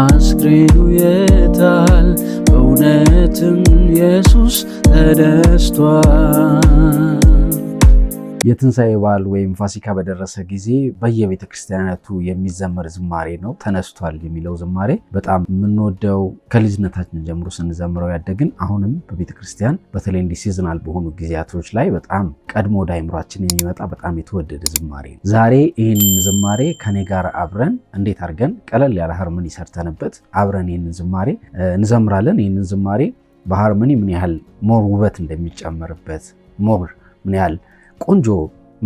አስክሬኑ የታል? በእውነትም ኢየሱስ ተደስቷል። የትንሣኤ በዓል ወይም ፋሲካ በደረሰ ጊዜ በየቤተ ክርስቲያናቱ የሚዘመር ዝማሬ ነው። ተነስቷል የሚለው ዝማሬ በጣም የምንወደው ከልጅነታችን ጀምሮ ስንዘምረው ያደግን አሁንም በቤተ ክርስቲያን በተለይ እንዲህ ሲዝናል በሆኑ ጊዜያቶች ላይ በጣም ቀድሞ ወደ አይምሯችን የሚመጣ በጣም የተወደደ ዝማሬ ነው። ዛሬ ይህንን ዝማሬ ከኔ ጋር አብረን እንዴት አድርገን ቀለል ያለ ሀርመኒ ሰርተንበት አብረን ይህንን ዝማሬ እንዘምራለን። ይህንን ዝማሬ በሀርመኒ ምን ያህል ሞር ውበት እንደሚጨመርበት ሞር ምን ያህል ቆንጆ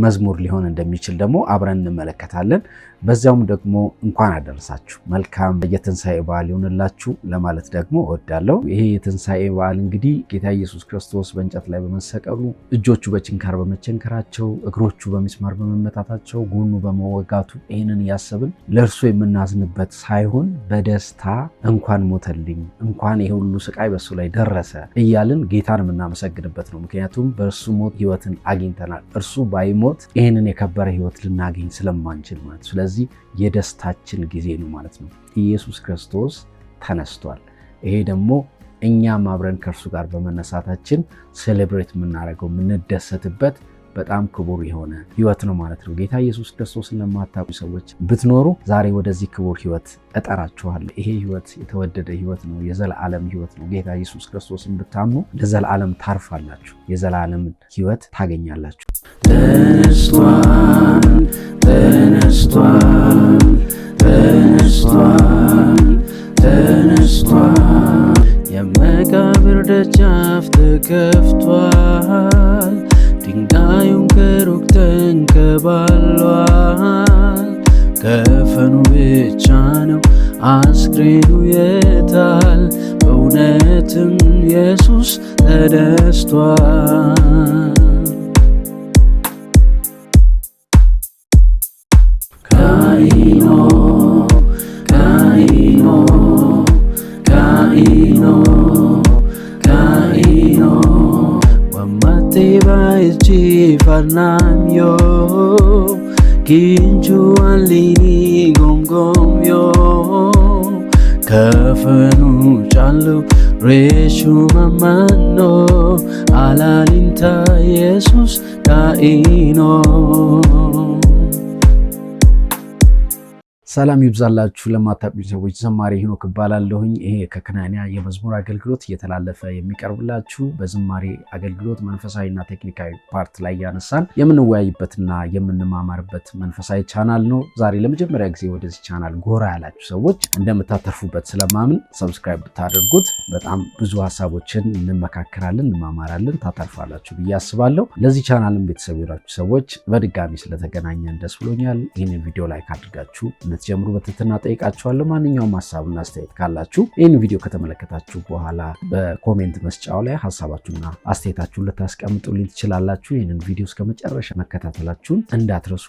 መዝሙር ሊሆን እንደሚችል ደግሞ አብረን እንመለከታለን። በዚያውም ደግሞ እንኳን አደረሳችሁ መልካም የትንሣኤ በዓል ይሆንላችሁ ለማለት ደግሞ እወዳለሁ። ይሄ የትንሣኤ በዓል እንግዲህ ጌታ ኢየሱስ ክርስቶስ በእንጨት ላይ በመሰቀሉ እጆቹ በችንካር በመቸንከራቸው፣ እግሮቹ በሚስማር በመመታታቸው፣ ጎኑ በመወጋቱ ይህንን እያሰብን ለእርሱ የምናዝንበት ሳይሆን በደስታ እንኳን ሞተልኝ፣ እንኳን ይሄ ሁሉ ስቃይ በእሱ ላይ ደረሰ እያልን ጌታን የምናመሰግንበት ነው። ምክንያቱም በእርሱ ሞት ህይወትን አግኝተናል። እርሱ ባይሞት ይህንን የከበረ ህይወት ልናገኝ ስለማንችል ማለት ስለዚህ የደስታችን ጊዜ ነው ማለት ነው። ኢየሱስ ክርስቶስ ተነስቷል። ይሄ ደግሞ እኛም አብረን ከእርሱ ጋር በመነሳታችን ሴሌብሬት የምናደርገው የምንደሰትበት በጣም ክቡር የሆነ ህይወት ነው ማለት ነው። ጌታ ኢየሱስ ክርስቶስን ለማታውቁ ሰዎች ብትኖሩ ዛሬ ወደዚህ ክቡር ህይወት እጠራችኋለሁ። ይሄ ህይወት የተወደደ ህይወት ነው፣ የዘላለም ህይወት ነው። ጌታ ኢየሱስ ክርስቶስን ብታምኑ ለዘላለም ታርፋላችሁ፣ የዘላለም ህይወት ታገኛላችሁ። ተነስቷል ተነስቷል የመቃብር ደጃፍ ተከፍቷል ድንጋዩን ከሩቅ ተንከባሏል ከፈኑ ብቻ ነው አስክሬኑ የታል በእውነትም ኢየሱስ ተደስቷል። Caíno, Caíno, Caíno, Caíno. Wamatiba is jivanam yo. Kinchuan lini gom gom yo. Kafanu chalu reshu mamano. linta, Jesus Caíno. ሰላም ይብዛላችሁ። ለማታውቁኝ ሰዎች ዘማሪ ሄኖክ እባላለሁኝ። ይሄ ከክናንያ የመዝሙር አገልግሎት እየተላለፈ የሚቀርብላችሁ በዝማሬ አገልግሎት መንፈሳዊና ቴክኒካዊ ፓርት ላይ ያነሳን የምንወያይበትና የምንማማርበት መንፈሳዊ ቻናል ነው። ዛሬ ለመጀመሪያ ጊዜ ወደዚህ ቻናል ጎራ ያላችሁ ሰዎች እንደምታተርፉበት ስለማምን ሰብስክራይብ ብታደርጉት በጣም ብዙ ሀሳቦችን እንመካከራለን፣ እንማማራለን፣ ታተርፋላችሁ ብዬ አስባለሁ። ለዚህ ቻናልም ቤተሰብ የሆናችሁ ሰዎች በድጋሚ ስለተገናኘን ደስ ብሎኛል። ይህንን ቪዲዮ ላይክ አድርጋችሁ እንድትጀምሩ በትህትና ጠይቃችኋለሁ። ማንኛውም ሀሳብና አስተያየት ካላችሁ ይህን ቪዲዮ ከተመለከታችሁ በኋላ በኮሜንት መስጫው ላይ ሀሳባችሁና አስተያየታችሁን ልታስቀምጡልኝ ትችላላችሁ። ይህንን ቪዲዮ እስከ መጨረሻ መከታተላችሁን እንዳትረሱ።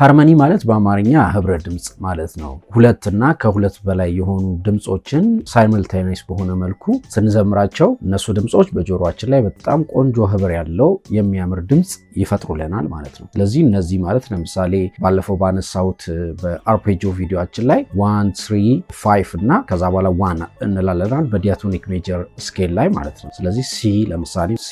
ሃርመኒ ማለት በአማርኛ ህብረ ድምፅ ማለት ነው። ሁለትና ከሁለት በላይ የሆኑ ድምፆችን ሳይመልታይነስ በሆነ መልኩ ስንዘምራቸው እነሱ ድምፆች በጆሮችን ላይ በጣም ቆንጆ ህብር ያለው የሚያምር ድምፅ ይፈጥሩልናል ማለት ነው። ስለዚህ እነዚህ ማለት ለምሳሌ ባለፈው ባነሳሁት በአርፔጆ ቪዲዮችን ላይ ዋን ትሪ ፋይቭ እና ከዛ በኋላ ዋን እንላለናል በዲያቶኒክ ሜጀር ስኬል ላይ ማለት ነው። ስለዚህ ሲ ለምሳሌ ሲ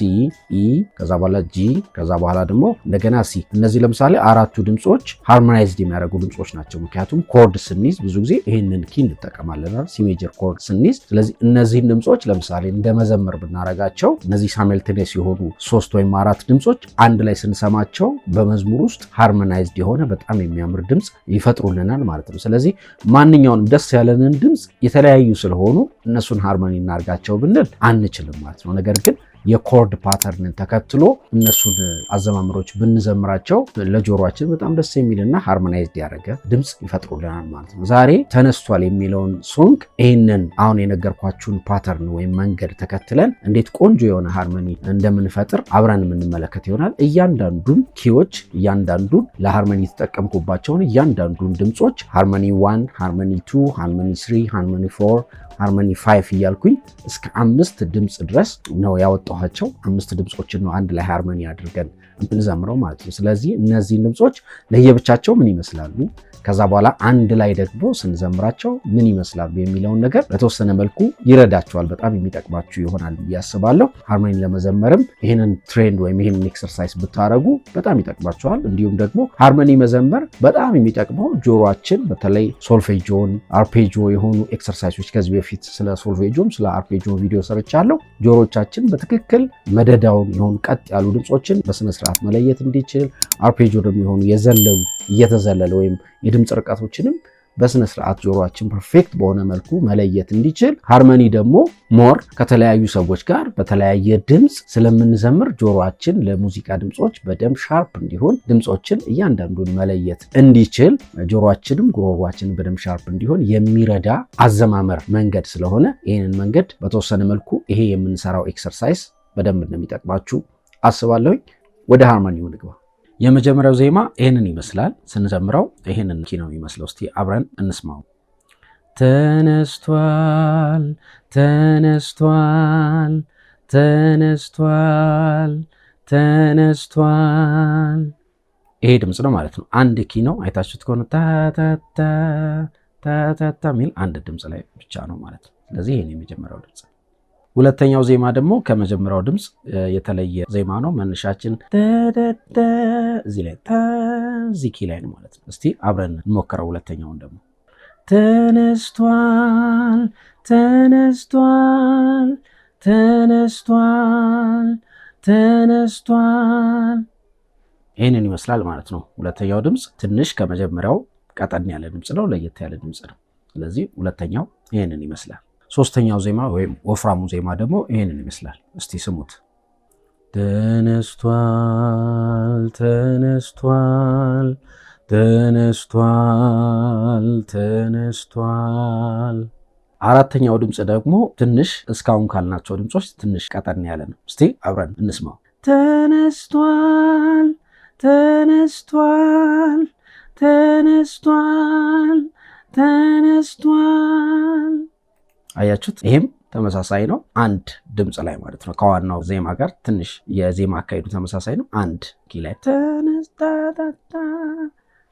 ኢ e፣ ከዛ በኋላ ጂ ከዛ በኋላ ደግሞ እንደገና ሲ። እነዚህ ለምሳሌ አራቱ ድምፆች ሃርሞናይዝድ የሚያደርጉ ድምፆች ናቸው። ምክንያቱም ኮርድ ስኒዝ ብዙ ጊዜ ይህንን ኪ እንጠቀማለናል፣ ሲ ሜጀር ኮርድ ስኒዝ። ስለዚህ እነዚህን ድምፆች ለምሳሌ እንደ መዘመር ብናረጋቸው እነዚህ ሳሜልትኔ የሆኑ ሶስት ወይም አራት ድምፆች አንድ ላይ ስንሰማቸው በመዝሙር ውስጥ ሃርሞናይዝድ የሆነ በጣም የሚያምር ድምፅ ይፈጥሩልናል ማለት ነው። ነው። ስለዚህ ማንኛውንም ደስ ያለንን ድምፅ የተለያዩ ስለሆኑ እነሱን ሃርሞኒ እናርጋቸው ብንል አንችልም ማለት ነው። ነገር ግን የኮርድ ፓተርንን ተከትሎ እነሱን አዘማምሮች ብንዘምራቸው ለጆሮችን በጣም ደስ የሚልና ሃርሞናይዝድ ያደረገ ድምፅ ይፈጥሩልናል ማለት ነው። ዛሬ ተነስቷል የሚለውን ሶንግ ይህንን አሁን የነገርኳችሁን ፓተርን ወይም መንገድ ተከትለን እንዴት ቆንጆ የሆነ ሃርሞኒ እንደምንፈጥር አብረን የምንመለከት ይሆናል። እያንዳንዱን ኪዎች እያንዳንዱን ለሃርሞኒ የተጠቀምኩባቸውን እያንዳንዱን ድምፆች ሃርሞኒ ዋን፣ ሃርሞኒ ቱ፣ ሃርሞኒ ስሪ፣ ሃርሞኒ ፎር ሃርመኒ ፋይፍ እያልኩኝ እስከ አምስት ድምፅ ድረስ ነው ያወጣኋቸው። አምስት ድምፆችን ነው አንድ ላይ ሃርመኒ አድርገን ብንዘምረው ማለት ነው። ስለዚህ እነዚህን ድምፆች ለየብቻቸው ምን ይመስላሉ፣ ከዛ በኋላ አንድ ላይ ደግሞ ስንዘምራቸው ምን ይመስላሉ የሚለውን ነገር በተወሰነ መልኩ ይረዳቸዋል። በጣም የሚጠቅማችሁ ይሆናል ብዬ አስባለሁ። ሃርሞኒን ለመዘመርም ይህንን ትሬንድ ወይም ይህንን ኤክሰርሳይዝ ብታደረጉ በጣም ይጠቅማቸዋል። እንዲሁም ደግሞ ሃርሞኒ መዘመር በጣም የሚጠቅመው ጆሮችን በተለይ ሶልፌጆን፣ አርፔጆ የሆኑ ኤክሰርሳይዞች ከዚህ በፊት ስለ ሶልፌጆም ስለ አርፔጆ ቪዲዮ ሰርቻለሁ። ጆሮቻችን በትክክል መደዳውን የሆኑ ቀጥ ያሉ ድምፆችን በስነስርዓት በጥራት መለየት እንዲችል አርፔጆ የሚሆኑ የዘለሉ እየተዘለለ ወይም የድምፅ ርቀቶችንም በስነ ስርዓት ጆሮችን ፐርፌክት በሆነ መልኩ መለየት እንዲችል፣ ሃርመኒ ደግሞ ሞር ከተለያዩ ሰዎች ጋር በተለያየ ድምፅ ስለምንዘምር ጆሮችን ለሙዚቃ ድምፆች በደንብ ሻርፕ እንዲሆን፣ ድምፆችን እያንዳንዱን መለየት እንዲችል፣ ጆሮችንም ጉሮሯችንን በደንብ ሻርፕ እንዲሆን የሚረዳ አዘማመር መንገድ ስለሆነ ይህንን መንገድ በተወሰነ መልኩ ይሄ የምንሰራው ኤክሰርሳይዝ በደንብ እንደሚጠቅማችሁ አስባለሁኝ። ወደ ሃርሞኒው ንግባ። የመጀመሪያው ዜማ ይህንን ይመስላል። ስንጀምረው ይህንን ነው የሚመስለው። እስቲ አብረን እንስማው። ተነስቷል፣ ተነስቷል፣ ተነስቷል፣ ተነስቷል። ይሄ ድምፅ ነው ማለት ነው። አንድ ኪ ነው። አይታችሁት ከሆነ ታታታ ታታታ የሚል አንድ ድምፅ ላይ ብቻ ነው ማለት ነው። ስለዚህ ይህን የመጀመሪያው ድምፅ ሁለተኛው ዜማ ደግሞ ከመጀመሪያው ድምፅ የተለየ ዜማ ነው። መነሻችን እዚህ ላይ ተዚኪ ላይ ነው ማለት ነው። እስቲ አብረን እንሞክረው። ሁለተኛውን ደግሞ ተነስቷል፣ ተነስቷል፣ ተነስቷል፣ ተነስቷል። ይህንን ይመስላል ማለት ነው። ሁለተኛው ድምፅ ትንሽ ከመጀመሪያው ቀጠን ያለ ድምፅ ነው፣ ለየት ያለ ድምፅ ነው። ስለዚህ ሁለተኛው ይህንን ይመስላል። ሶስተኛው ዜማ ወይም ወፍራሙ ዜማ ደግሞ ይህንን ይመስላል። እስቲ ስሙት። ተነስቷል ተነስቷል ተነስቷል ተነስቷል። አራተኛው ድምፅ ደግሞ ትንሽ እስካሁን ካልናቸው ድምፆች ትንሽ ቀጠን ያለ ነው። እስቲ አብረን እንስማው። ተነስቷል ተነስቷል ተነስቷል ተነስቷል አያችሁት? ይህም ተመሳሳይ ነው። አንድ ድምፅ ላይ ማለት ነው። ከዋናው ዜማ ጋር ትንሽ የዜማ አካሄዱ ተመሳሳይ ነው። አንድ ኪ ላይ ተነስታታታ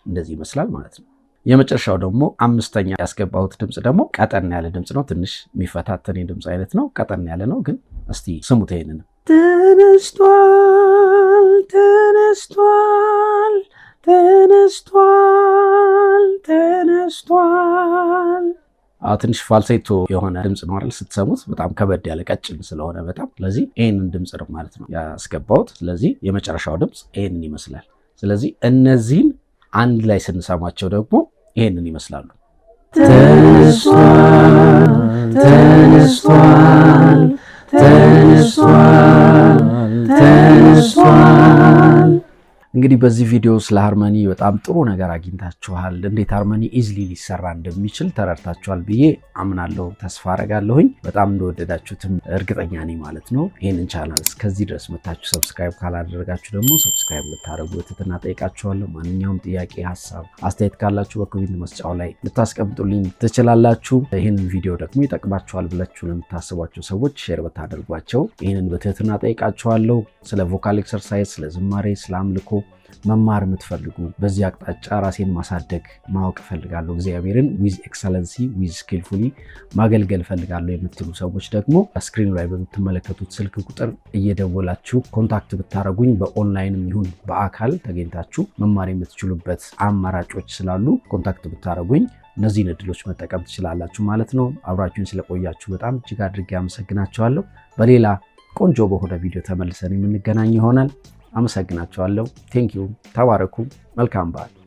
እንደዚህ ይመስላል ማለት ነው። የመጨረሻው ደግሞ አምስተኛ ያስገባሁት ድምፅ ደግሞ ቀጠን ያለ ድምፅ ነው። ትንሽ የሚፈታተን የድምፅ አይነት ነው። ቀጠን ያለ ነው ግን እስቲ ስሙት ይሄንን። ተነስቷል፣ ተነስቷል፣ ተነስቷል፣ ተነስቷል ትንሽ ፋልሴቶ የሆነ ድምፅ ነው አይደል? ስትሰሙት በጣም ከበድ ያለ ቀጭን ስለሆነ በጣም ስለዚህ ኤንን ድምፅ ነው ማለት ነው ያስገባሁት። ስለዚህ የመጨረሻው ድምፅ ኤንን ይመስላል። ስለዚህ እነዚህን አንድ ላይ ስንሰማቸው ደግሞ ይህንን ይመስላሉ። ተነስቷል ተነስቷል እንግዲህ በዚህ ቪዲዮ ስለ ሃርመኒ በጣም ጥሩ ነገር አግኝታችኋል። እንዴት ሃርመኒ ኢዝሊ ሊሰራ እንደሚችል ተረድታችኋል ብዬ አምናለሁ፣ ተስፋ አረጋለሁኝ። በጣም እንደወደዳችሁትም እርግጠኛ ነኝ ማለት ነው። ይህንን ቻናል እስከዚህ ድረስ መታችሁ ሰብስክራይብ ካላደረጋችሁ ደግሞ ሰብስክራይብ ልታደረጉ ትትና ጠይቃችኋለሁ። ማንኛውም ጥያቄ፣ ሀሳብ፣ አስተያየት ካላችሁ በኮሜንት መስጫው ላይ ልታስቀምጡልኝ ትችላላችሁ። ይህንን ቪዲዮ ደግሞ ይጠቅማችኋል ብላችሁ ለምታስቧቸው ሰዎች ሼር ብታደርጓቸው ይህንን በትህትና ጠይቃችኋለሁ። ስለ ቮካል ኤክሰርሳይዝ፣ ስለ ዝማሬ፣ ስለ አምልኮ መማር የምትፈልጉ በዚህ አቅጣጫ ራሴን ማሳደግ ማወቅ እፈልጋለሁ፣ እግዚአብሔርን ዊዝ ኤክሰለንሲ ዊዝ ስኪልፉሊ ማገልገል እፈልጋለሁ የምትሉ ሰዎች ደግሞ ስክሪኑ ላይ በምትመለከቱት ስልክ ቁጥር እየደወላችሁ ኮንታክት ብታደረጉኝ በኦንላይንም ይሁን በአካል ተገኝታችሁ መማር የምትችሉበት አማራጮች ስላሉ ኮንታክት ብታደረጉኝ እነዚህን እድሎች መጠቀም ትችላላችሁ ማለት ነው። አብራችሁን ስለቆያችሁ በጣም እጅግ አድርጌ አመሰግናቸዋለሁ። በሌላ ቆንጆ በሆነ ቪዲዮ ተመልሰን የምንገናኝ ይሆናል። አመሰግናቸዋለሁ። ቴንኪዩ። ተባረኩ። መልካም በዓል